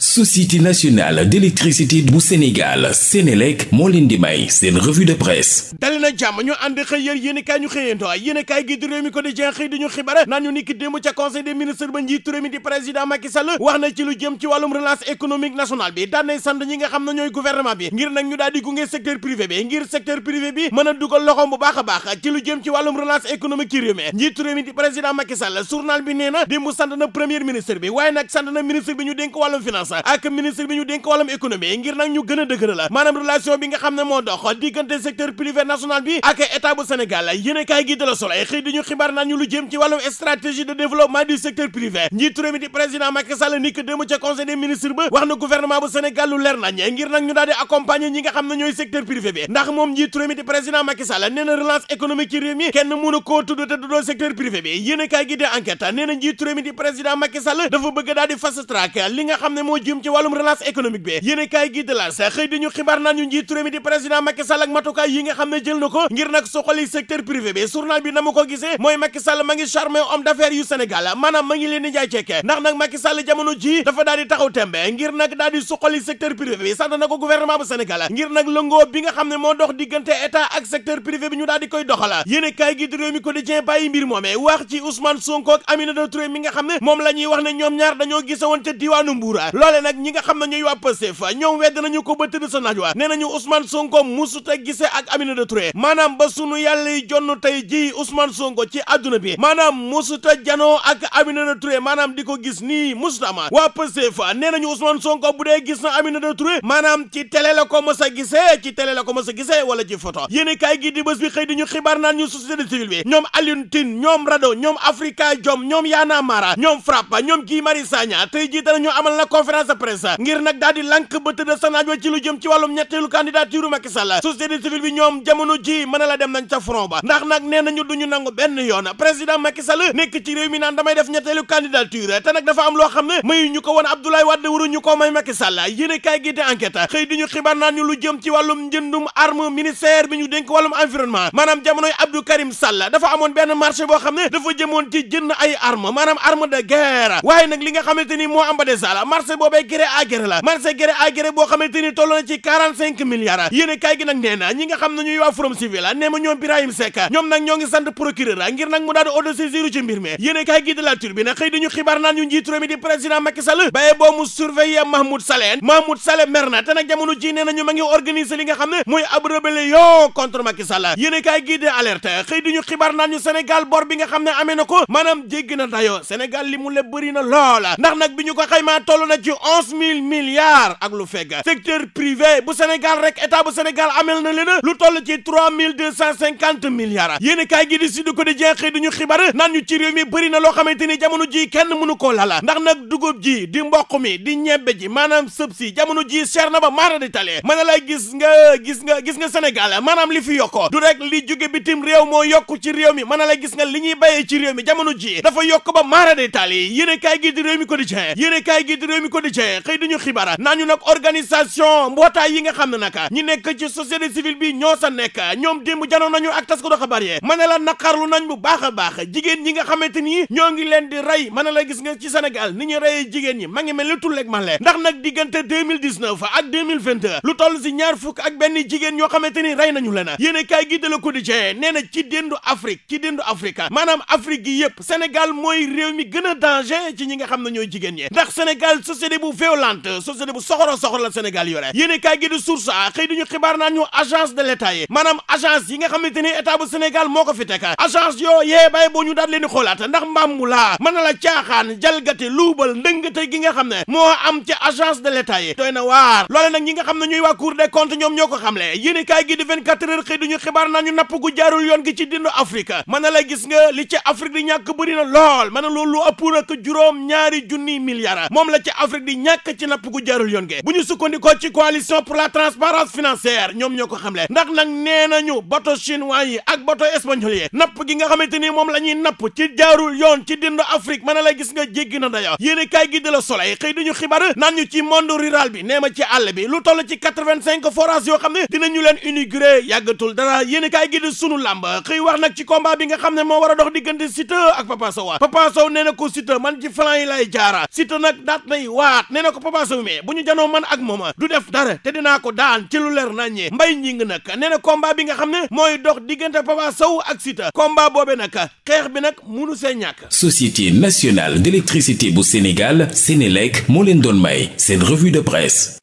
société nationale d'électricité bu Sénégal Sénélec moo leen di may seen revue de presse dali jàmm ñu ànd xëy yar yéen i kaay ñu xëyéendo yéen i kaay gi di réew mi ko di jen xëy di ñu xibaar naan ñu démb ca conseil des ministres ba njiitu réew mi di président Macky wax na ci lu jëm ci wàllum relance économique nationale bi daan sant ñi nga xam ne ñooy gouvernement bi ngir nag ñu daal di gunge secteur privé bi ngir secteur privé bi mën a dugal a baax mi njiitu réew mi di président Macky Sall journal na finance ak ministre bi ñu dénk wàllum économie ngir nag ñu gën a la maanaam relation bi nga xam ne moo dox diggante secteur privé national bi ak état bu Sénégal yéen kaay gi de la solo xëy di xibaar naan ñu lu jëm ci wàllum stratégie de développement di président privé bi ndax mi di président Macky Sall nee na ci réew mi kenn mënu koo tudd te du doon secteur privé bi yéen kaay gi de enquête nee na njiitu mi di président Macky moo jëm ci wàllum relance économique bi yéen kaay gi de xëy di xibaar naan ñu mi di président Macky ak matukaay yi nga xam ne jël na ko ngir nag soxali secteur privé bi journal ko gisee bu Sénégal ngir nag lëngoo bi nga xam ne moo dox diggante état ak secteur privé bi ñu daal di koy doxala yéen kaay gi di réew mi quotidien bàyyi mbir moomee wax ci Ousmane Sonko ak Aminata Touré mi nga xam ne moom la wax ne ñoom ñaar dañoo gisewoon ca diwaanu loole ñi nga xam ne ñooy waa Pastef ñoom wedd nañu ko ba tëdd sa naaj wa nee nañu Ousmane Sonko musuta gisee ak Aminata Touré maanaam ba sunu yàlla yi jonn tey ji Ousmane Sonko ci àdduna bi maanaam musuta janoo ak Aminata Touré maanaam di ko gis nii musuta ma waa Pastef nee nañu Ousmane Sonko bu dee gis na Aminata Touré maanaam ci télé la ko mës a gisee ci télé la ko mës a gisee wala ci photo yéen gi di bés xëy di ñu xibaar naan ñu société civile bi a conférence de presse ngir nag daal di lànk ba tëdd sa naaj wa ci lu jëm ci wàllum ñetteelu a dafa am loo xam ne mayu ñu ko woon Abdoulaye Wade waruñu ko may Macky Sall yéene kaay gi di xëy di ñu xibaar ñu lu jëm ci wàllum njëndum arme ministère bi ñu dénk wàllum environnement maanaam jamonoy Abdou Karim Sall dafa amoon benn marché boo xam ne dafa jëmoon ci jënd ay arme maanaam arme de guerre waaye nag li nga xamante ni moo am ba des marché boobee gré à gré la marché gré à boo xamante ni toll na ci 45 milliards yéen kay gi nag nee ñi nga xam ne ñuy waa Forum Civil la nee ma ñoom Birahim ñoom nag ñoo ngi sant procureur a ngir nag mu daal di auto ci mbir mi yéen kay gi de la Tribune xibaar naan ñu njiitu réew mi di président boo mu surveiller Mahmoud Saleh Mahmoud Saleh mer te nag jamono ji nee nañu ma ngi organiser nga xam ne mooy ab rébellion contre ci onze mille milliards ak lu fekk secteur privé bu Sénégal rek état bu Sénégal amel na len lu toll ci trois mille deux cent cinquante milliards yéen kaay gi di Sud Quotidien xëy du ñu xibaar naan ñu ci réew mi bëri na loo xamante ni jamono ji kenn mënu koo la ndax nag dugub ji di mboq mi di ñebbe ji maanaam sëb si jamono ji seer na ba maara di talee mën a lay gis nga gis nga gis nga Sénégal maanaam li fi yokkoo du rek li jóge bitim réew moo yokk ci réew mi mën na la gis nga li ñuy béyee ci réew mi jamono ji dafa yokk a kaay gi di réew mi a kaay gi di réew Quotidien xëy dañu xibaar yi nga xam ne nag ñi nekk ci société bi ñoo sa nekk ñoom démb janoon nañu ak ma ne la naqarlu nañ bu baax a baax jigéen nga xamante ni ñoo ngi leen di rey ma ne la gis nga ci Sénégal ni ñu reyee jigéen ñi ma ngi mel ni tulleeg male ndax nag diggante 2019 ak 2022 lu toll si ñaar fukk ak benn jigéen ñoo xamante ni rey nañu leen yéen a kaay gi de Le Quotidien nee na ci déndu Afrique ci déndu Afrique maanaam Afrique gi yëpp Sénégal mooy réew mi gën a danger ci ñi nga xam ne ñooy jigéen ñi ndax Sénégal société bu violente bu soxoro soxoro la Sénégal yore yéene kaay gi di source a xëy duñu xibaar naan ñu agence de l'État yi maanaam agence yi nga xamante état bu Sénégal moo ko fi teg agence yoo yee bay boo ñu daal leen di xoolaat ndax mbàmmu laa mën na la caaxaan jalgati luubal ndëngate gi nga xam ne moo am ci agence de l'État yi doy na waar loole nag ñi nga xam ne ñuy waa Cour des comptes ñoom ñoo ko xamle yéene kaay gi di 24 heures xëy xibaar naan ñu napp gu jaarul Afrique di ñàkk ci napp gu jaarul yoon ge bu ñu sukkandikoo ci coalition pour la transparence financière ñoom ñoo ko xamle ndax nag nee nañu bato chinois yi ak bato espagnol yi napp gi nga xamante ni moom la napp ci jaarul yoon ci dindu Afrique mën na la gis nga jéggi na dayo yéen i la Soleil xëy duñu xibaar naan ñu ci monde rural bi nee ci àll bi lu toll ci quatre yoo xam ne dinañu leen inauguré yàggatul dara yéen i sunu làmb xëy wax waxaat nee na ko Papa Sow mais bu ñu janoo man ak moom du def dara te dina ko daan ci lu leer naññee mbay ñing nag nee na combat bi nga xam ne mooy dox diggante Papa saw ak Siteu combat boobe nag xeex bi nag munu see ñàkk. Société nationale d'électricité bu Sénégal Sénélec moo leen doon may seen revue de presse.